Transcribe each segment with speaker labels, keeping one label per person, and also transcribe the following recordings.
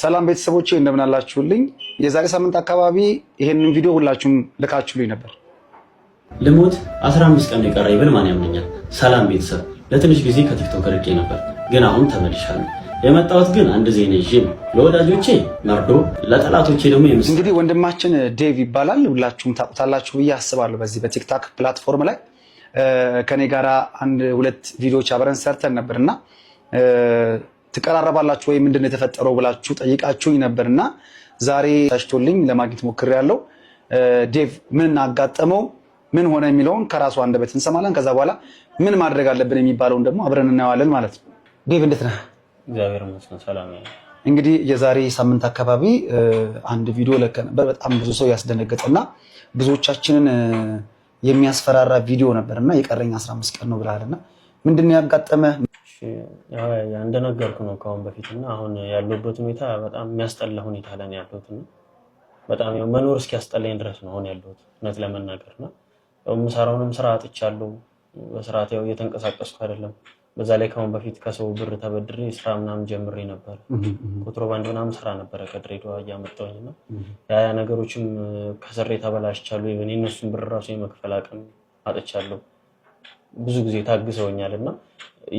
Speaker 1: ሰላም ቤተሰቦች እንደምን አላችሁልኝ? የዛሬ ሳምንት አካባቢ ይሄንን ቪዲዮ ሁላችሁም ልካችሁልኝ ነበር። ልሞት 15 ቀን የቀረ ይብል ማን ያምነኛል? ሰላም ቤተሰብ፣ ለትንሽ ጊዜ ከቲክቶክ ርቄ ነበር፣ ግን አሁን ተመልሻለሁ። የመጣሁት ግን አንድ ዜና ይዤ ለወዳጆቼ መርዶ፣ ለጠላቶቼ ደግሞ የምስ እንግዲህ ወንድማችን ዴቭ ይባላል። ሁላችሁም ታውቁታላችሁ ብዬ አስባለሁ። በዚህ በቲክታክ ፕላትፎርም ላይ ከኔ ጋራ አንድ ሁለት ቪዲዮዎች አብረን ሰርተን ነበርና ትቀራረባላችሁ ወይ ምንድን ነው የተፈጠረው ብላችሁ ጠይቃችሁኝ ነበርና ዛሬ ታሽቶልኝ ለማግኘት ሞክሬያለሁ። ዴቭ ምን አጋጠመው ምን ሆነ የሚለውን ከራሱ አንደበት እንሰማለን። ከዛ በኋላ ምን ማድረግ አለብን የሚባለውን ደግሞ አብረን እናየዋለን ማለት ነው። ዴቭ እንዴት ነህ?
Speaker 2: እግዚአብሔር ይመስገን ሰላም።
Speaker 1: እንግዲህ የዛሬ ሳምንት አካባቢ አንድ ቪዲዮ ለቀህ ነበር። በጣም ብዙ ሰው ያስደነገጠና ብዙዎቻችንን የሚያስፈራራ ቪዲዮ ነበር እና የቀረኝ 15 ቀን ነው ብለሃልና ምንድን ነው
Speaker 2: እንደነገርኩ ነው ከአሁን በፊት እና አሁን ያለበት ሁኔታ በጣም የሚያስጠላ ሁኔታ ለን ያለሁት በጣም መኖር እስኪያስጠላኝ ድረስ ነው አሁን ያለሁት እውነት ለመናገር ና የምሰራውንም ስራ አጥቻለሁ። በስርዓት ያው እየተንቀሳቀስኩ አይደለም። በዛ ላይ ከአሁን በፊት ከሰው ብር ተበድሬ ስራ ምናምን ጀምሬ ነበረ። ኮንትሮባንድ ምናምን ስራ ነበረ ከድሬዳዋ እያመጣሁኝ እና ያ ነገሮችም ከስሬ ተበላሽቻሉ። የእነሱን ብር ራሱ የመክፈል አቅም አጥቻለሁ። ብዙ ጊዜ ታግሰውኛል እና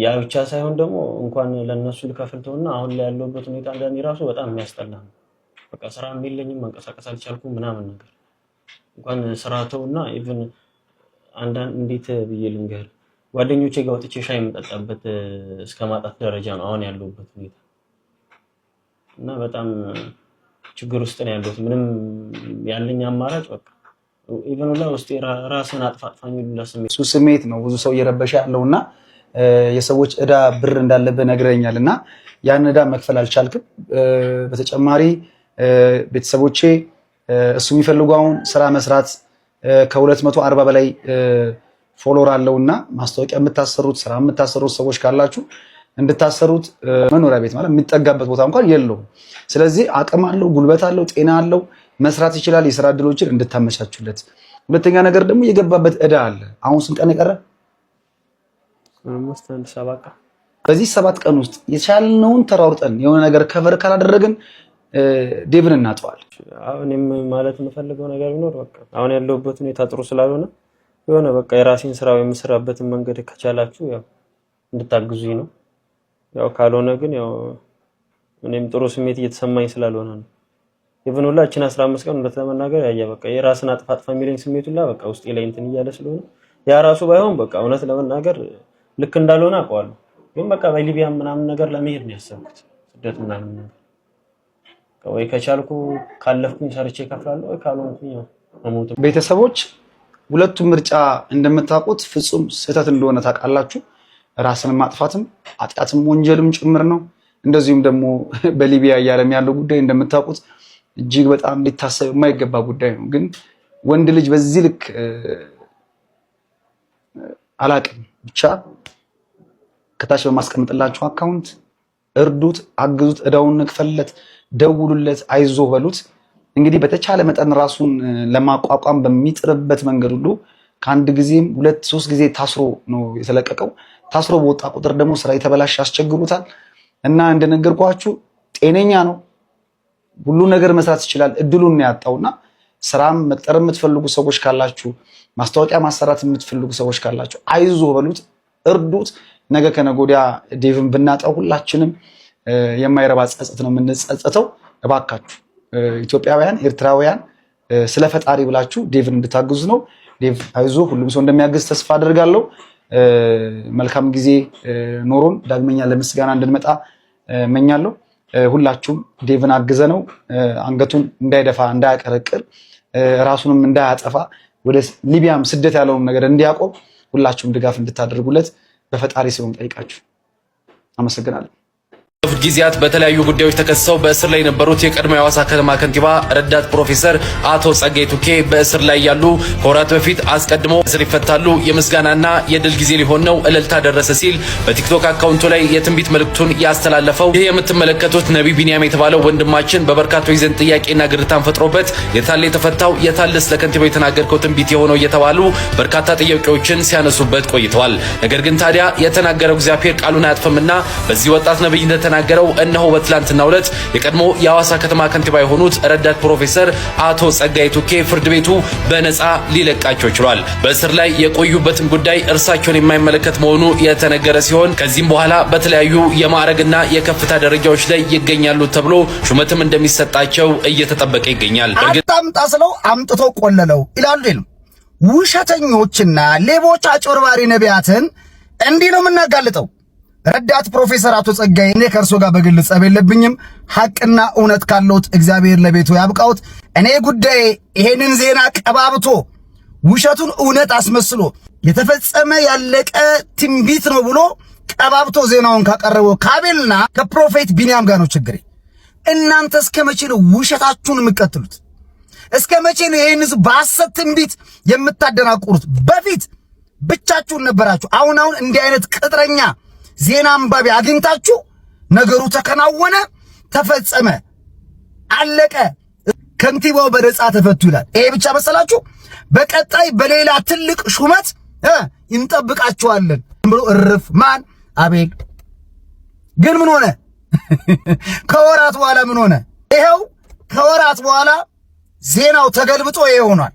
Speaker 2: ያ ብቻ ሳይሆን ደግሞ እንኳን ለእነሱ ልከፍልተውና አሁን ላይ ያለውበት ሁኔታ አንዳንዴ ራሱ በጣም የሚያስጠላ ነው። በቃ ስራም የለኝም መንቀሳቀስ አልቻልኩም ምናምን ነገር እንኳን ስራ ተውና ኢቭን አንዳንድ እንዴት ብዬ ልንገር ጓደኞቼ ጋር ወጥቼ ሻይ የምጠጣበት እስከ ማጣት ደረጃ ነው አሁን ያለሁበት ሁኔታ እና በጣም ችግር ውስጥ ነው ያለሁት። ምንም ያለኝ አማራጭ በቃ ኢቨን ራስን አጥፋጥፋ የሚሉላ ስሜት
Speaker 1: እሱ ስሜት ነው ብዙ ሰው እየረበሸ ያለው እና የሰዎች እዳ ብር እንዳለብህ ነግረኛል እና ያን እዳ መክፈል አልቻልክም። በተጨማሪ ቤተሰቦቼ እሱ የሚፈልጉ አሁን ስራ መስራት ከሁለት መቶ አርባ በላይ ፎሎወር አለው እና ማስታወቂያ የምታሰሩት ስራ የምታሰሩት ሰዎች ካላችሁ እንድታሰሩት መኖሪያ ቤት ማለት የሚጠጋበት ቦታ እንኳን የለውም። ስለዚህ አቅም አለው፣ ጉልበት አለው፣ ጤና አለው መስራት ይችላል። የስራ እድሎችን እንድታመቻቹለት። ሁለተኛ ነገር ደግሞ የገባበት እዳ አለ። አሁን ስንት ቀን የቀረ? በዚህ ሰባት ቀን ውስጥ የቻልነውን ተሯርጠን የሆነ ነገር ከቨር ካላደረግን ዴብን እናጠዋል።
Speaker 2: እኔም ማለት የምፈልገው ነገር ቢኖር በቃ አሁን ያለሁበት ሁኔታ ጥሩ ስላልሆነ የሆነ በቃ የራሴን ስራ የምስራበትን መንገድ ከቻላችሁ ያው እንድታግዙኝ ነው። ያው ካልሆነ ግን ያው እኔም ጥሩ ስሜት እየተሰማኝ ስላልሆነ ነው ኢቭን ሁላ አስራ አምስት ቀን እንደተመናገር ያየ በቃ የራስን አጥፋጥፋ የሚለኝ ስሜት በቃ ውስጤ ላይ እንትን እያለ ስለሆነ ያ ራሱ ባይሆን በቃ እውነት ለመናገር ልክ እንዳልሆነ አውቀዋለሁ። ግን በቃ በሊቢያ ምናምን ነገር ለመሄድ ነው ያሰብኩት ስደት ምናምን ነገር ወይ ከቻልኩ ካለፍኩኝ ሰርቼ እከፍላለሁ ወይ ካልሆንኩኝ መሞት።
Speaker 1: ቤተሰቦች ሁለቱም ምርጫ እንደምታውቁት ፍጹም ስህተት እንደሆነ ታውቃላችሁ። ራስን ማጥፋትም ኃጢአትም ወንጀልም ጭምር ነው። እንደዚሁም ደግሞ በሊቢያ እያለም ያለው ጉዳይ እንደምታውቁት እጅግ በጣም ሊታሰብ የማይገባ ጉዳይ ነው። ግን ወንድ ልጅ በዚህ ልክ አላቅም ብቻ ከታች በማስቀምጥላችሁ አካውንት እርዱት፣ አግዙት፣ እዳውን ንክፈለት፣ ደውሉለት፣ አይዞ በሉት። እንግዲህ በተቻለ መጠን ራሱን ለማቋቋም በሚጥርበት መንገድ ሁሉ ከአንድ ጊዜም ሁለት ሶስት ጊዜ ታስሮ ነው የተለቀቀው። ታስሮ በወጣ ቁጥር ደግሞ ስራ የተበላሸ ያስቸግሩታል እና እንደነገርኳችሁ ጤነኛ ነው። ሁሉን ነገር መስራት ይችላል። እድሉን ነው ያጣውና ስራም መቅጠር የምትፈልጉ ሰዎች ካላችሁ፣ ማስታወቂያ ማሰራት የምትፈልጉ ሰዎች ካላችሁ አይዞ በሉት፣ እርዱት። ነገ ከነጎዲያ ዴቭን ብናጣው ሁላችንም የማይረባ ጸጸት ነው የምንጸጸተው። እባካችሁ ኢትዮጵያውያን፣ ኤርትራውያን ስለ ፈጣሪ ብላችሁ ዴቭን እንድታግዙ ነው። ዴቭ አይዞ፣ ሁሉም ሰው እንደሚያግዝ ተስፋ አድርጋለሁ። መልካም ጊዜ ኖሮን ዳግመኛ ለምስጋና እንድንመጣ እመኛለሁ። ሁላችሁም ዴቭን አግዘ ነው አንገቱን እንዳይደፋ እንዳያቀረቅር ራሱንም እንዳያጠፋ ወደ ሊቢያም ስደት ያለውን ነገር እንዲያቆም ሁላችሁም ድጋፍ እንድታደርጉለት በፈጣሪ ስም ጠይቃችሁ አመሰግናለሁ።
Speaker 3: ባለፉት ጊዜያት በተለያዩ ጉዳዮች ተከሰው በእስር ላይ የነበሩት የቀድሞ የሐዋሳ ከተማ ከንቲባ ረዳት ፕሮፌሰር አቶ ጸጋይ ቱኬ በእስር ላይ ያሉ ከወራት በፊት አስቀድሞ እስር ይፈታሉ፣ የምስጋናና የድል ጊዜ ሊሆን ነው፣ እልልታ ደረሰ ሲል በቲክቶክ አካውንቱ ላይ የትንቢት መልእክቱን ያስተላለፈው ይህ የምትመለከቱት ነቢ ቢንያም የተባለው ወንድማችን በበርካቶች ዘንድ ጥያቄና ግርታን ፈጥሮበት የታለ የተፈታው የታለስ ለከንቲባው የተናገርከው ትንቢት የሆነው እየተባሉ በርካታ ጥያቄዎችን ሲያነሱበት ቆይተዋል። ነገር ግን ታዲያ የተናገረው እግዚአብሔር ቃሉን አያጥፍምና በዚህ ወጣት ነብይነት የተናገረው እነሆ በትላንትናው ዕለት የቀድሞ የሐዋሳ ከተማ ከንቲባ የሆኑት ረዳት ፕሮፌሰር አቶ ጸጋይ ቱኬ ፍርድ ቤቱ በነጻ ሊለቃቸው ችሏል። በእስር ላይ የቆዩበትን ጉዳይ እርሳቸውን የማይመለከት መሆኑ የተነገረ ሲሆን ከዚህም በኋላ በተለያዩ የማዕረግና የከፍታ ደረጃዎች ላይ ይገኛሉ ተብሎ ሹመትም እንደሚሰጣቸው እየተጠበቀ ይገኛል።
Speaker 1: አምጣ ስለው አምጥቶ ቆለለው ይላሉ ውሸተኞችና ሌቦች አጭበርባሪ ነቢያትን እንዲህ ነው የምናጋልጠው። ረዳት ፕሮፌሰር አቶ ጸጋዬ እኔ ከእርሶ ጋር በግል ጸብ የለብኝም። ሐቅና እውነት ካለውት እግዚአብሔር ለቤቱ ያብቃውት። እኔ ጉዳዬ ይሄንን ዜና ቀባብቶ ውሸቱን እውነት አስመስሎ የተፈጸመ ያለቀ ትንቢት ነው ብሎ ቀባብቶ ዜናውን ካቀረበው ካቤልና ከፕሮፌት ቢንያም ጋር ነው ችግሬ። እናንተ እስከ መቼ ነው ውሸታችሁን የምትቀጥሉት? እስከ መቼ ነው ይህን በሐሰት ትንቢት የምታደናቁሩት? በፊት ብቻችሁን ነበራችሁ። አሁን አሁን እንዲህ አይነት ቅጥረኛ ዜና አንባቢ አግኝታችሁ ነገሩ ተከናወነ፣ ተፈጸመ፣ አለቀ፣ ከንቲባው በነጻ ተፈቱ ይላል። ይሄ ብቻ መሰላችሁ? በቀጣይ በሌላ ትልቅ ሹመት እንጠብቃችኋለን ብሎ እርፍ። ማን አቤል። ግን ምን ሆነ? ከወራት በኋላ ምን ሆነ? ይኸው ከወራት በኋላ ዜናው ተገልብጦ ይሆኗል።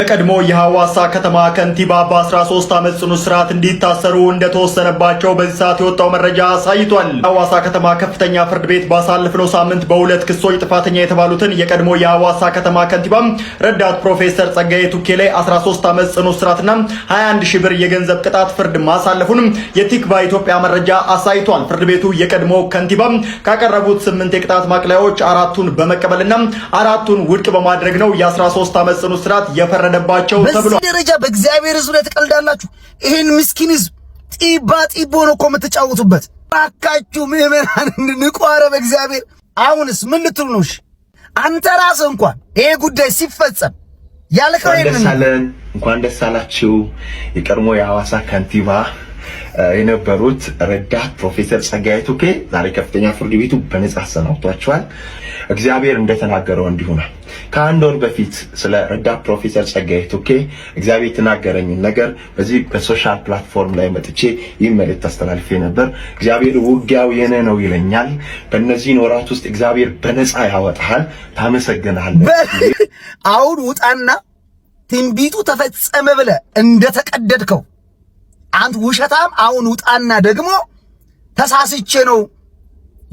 Speaker 3: የቀድሞ የሐዋሳ ከተማ ከንቲባ በ13 ዓመት ጽኑ እስራት እንዲታሰሩ እንደተወሰነባቸው በዚህ ሰዓት የወጣው መረጃ አሳይቷል። የሐዋሳ ከተማ ከፍተኛ ፍርድ ቤት ባሳለፍነው ሳምንት በሁለት ክሶች ጥፋተኛ የተባሉትን የቀድሞ የሐዋሳ ከተማ ከንቲባ ረዳት ፕሮፌሰር ጸጋዬ ቱኬ ላይ 13 ዓመት ጽኑ እስራትና 21 ሺህ ብር የገንዘብ ቅጣት ፍርድ ማሳለፉን የቲክባ ኢትዮጵያ መረጃ አሳይቷል። ፍርድ ቤቱ የቀድሞ ከንቲባ ካቀረቡት ስምንት የቅጣት ማቅለያዎች አራቱን በመቀበልና አራቱን ውድቅ በማድረግ ነው የ13 ዓመት ጽኑ እስራት የፈረ አለባቸው
Speaker 1: ተብሎ ደረጃ በእግዚአብሔር ሕዝብ ላይ ትቀልዳላችሁ። ይሄን ምስኪን ሕዝብ ጢባ ጢቦ ነው እኮ የምትጫወቱበት። እባካችሁ ምዕመናን እንንቁ። ኧረ በእግዚአብሔር አሁንስ ምን ልትሉ ነው? እሺ አንተ ራስህ እንኳን ይሄ ጉዳይ ሲፈጸም ያልከው
Speaker 4: ይሄንን እንኳን ደስ አላችሁ የቀድሞ የሐዋሳ ከንቲባ የነበሩት ረዳት ፕሮፌሰር ጸጋዬ ቱኬ ዛሬ ከፍተኛ ፍርድ ቤቱ በነጻ አሰናብቷቸዋል። እግዚአብሔር እንደተናገረው እንዲሁ ነው። ከአንድ ወር በፊት ስለ ረዳት ፕሮፌሰር ጸጋዬ ቱኬ እግዚአብሔር የተናገረኝን ነገር በዚህ በሶሻል ፕላትፎርም ላይ መጥቼ ይህ መልእክት አስተላልፌ ነበር። እግዚአብሔር ውጊያው የነ ነው ይለኛል። በእነዚህን ወራት ውስጥ እግዚአብሔር በነጻ ያወጣሃል። ታመሰግናል።
Speaker 1: አሁን ውጣና ትንቢቱ ተፈጸመ ብለ እንደተቀደድከው አንተ ውሸታም፣ አሁን ውጣና ደግሞ ተሳስቼ ነው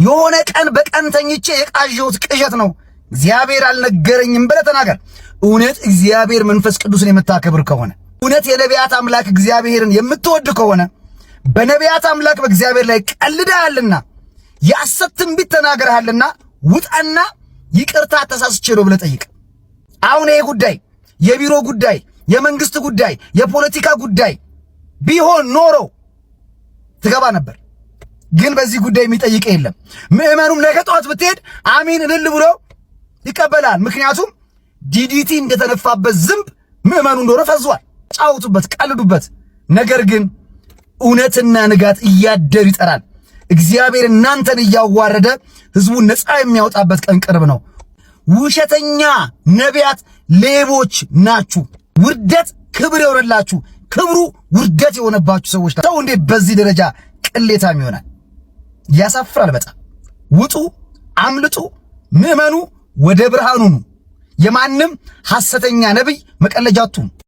Speaker 1: የሆነ ቀን በቀን ተኝቼ የቃዣሁት ቅዠት ነው እግዚአብሔር አልነገረኝም ብለህ ተናገር። እውነት እግዚአብሔር መንፈስ ቅዱስን የምታከብር ከሆነ እውነት የነቢያት አምላክ እግዚአብሔርን የምትወድ ከሆነ በነቢያት አምላክ በእግዚአብሔር ላይ ቀልደሃልና የሐሰት ትንቢት ተናግረሃልና ውጣና ይቅርታ ተሳስቼ ነው ብለህ ጠይቅ። አሁን ይሄ ጉዳይ የቢሮ ጉዳይ፣ የመንግስት ጉዳይ፣ የፖለቲካ ጉዳይ ቢሆን ኖሮ ትገባ ነበር። ግን በዚህ ጉዳይ የሚጠይቅ የለም። ምዕመኑም ነገ ጠዋት ብትሄድ አሚን እልል ብሎ ይቀበላል። ምክንያቱም ዲዲቲ እንደተነፋበት ዝንብ ምዕመኑ እንደሆነ ፈዟል። ጫውቱበት፣ ቀልዱበት። ነገር ግን እውነትና ንጋት እያደር ይጠራል። እግዚአብሔር እናንተን እያዋረደ ህዝቡን ነፃ የሚያወጣበት ቀን ቅርብ ነው። ውሸተኛ ነቢያት ሌቦች ናችሁ። ውርደት ክብር ይሆንላችሁ። ክብሩ ውርደት የሆነባችሁ ሰዎች ሰው እንዴት በዚህ ደረጃ ቅሌታም ይሆናል? ያሳፍራል በጣም ውጡ፣ አምልጡ፣ ምዕመኑ ወደ ብርሃኑ የማንም ሐሰተኛ ነቢይ መቀለጃቱም።